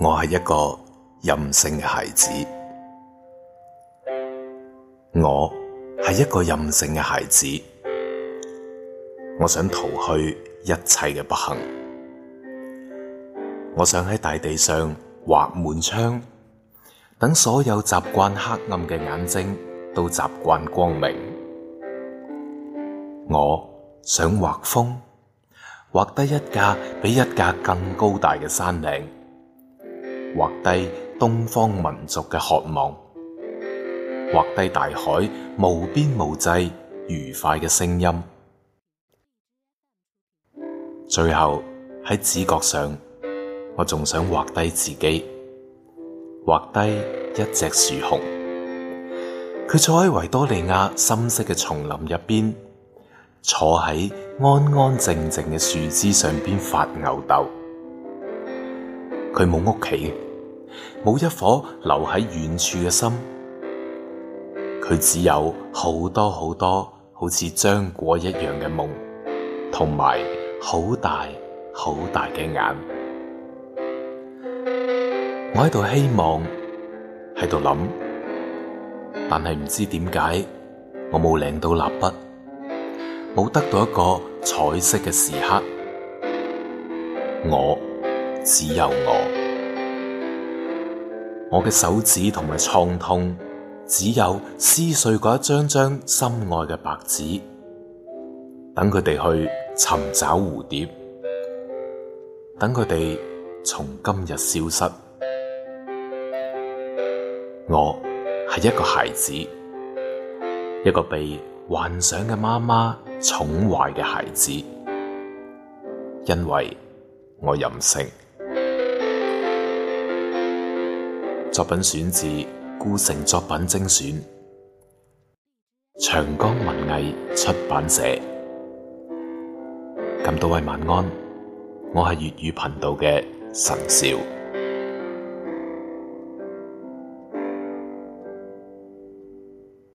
我係一個任性嘅孩子，我係一個任性嘅孩子，我想逃去一切嘅不幸，我想喺大地上畫滿窗，等所有習慣黑暗嘅眼睛都習慣光明。我想畫風，畫得一架比一架更高大嘅山嶺。畫低東方民族嘅渴望，畫低大海無邊無際愉快嘅聲音。最後喺紙角上，我仲想畫低自己，畫低一隻樹熊。佢坐喺維多利亞深色嘅叢林入邊，坐喺安安靜靜嘅樹枝上邊發吽哣。佢冇屋企。冇一顆留喺遠處嘅心，佢只有好多好多好似漿果一樣嘅夢，同埋好大好大嘅眼。我喺度希望，喺度諗，但係唔知點解，我冇領到蠟筆，冇得到一個彩色嘅時刻，我，只有我。我嘅手指同埋創痛，只有撕碎嗰一張張心愛嘅白紙，等佢哋去尋找蝴蝶，等佢哋從今日消失。我係一個孩子，一個被幻想嘅媽媽寵壞嘅孩子，因為我任性。作品選自《顧城作品精選》，長江文藝出版社。咁，各位晚安，我係粵語頻道嘅神少。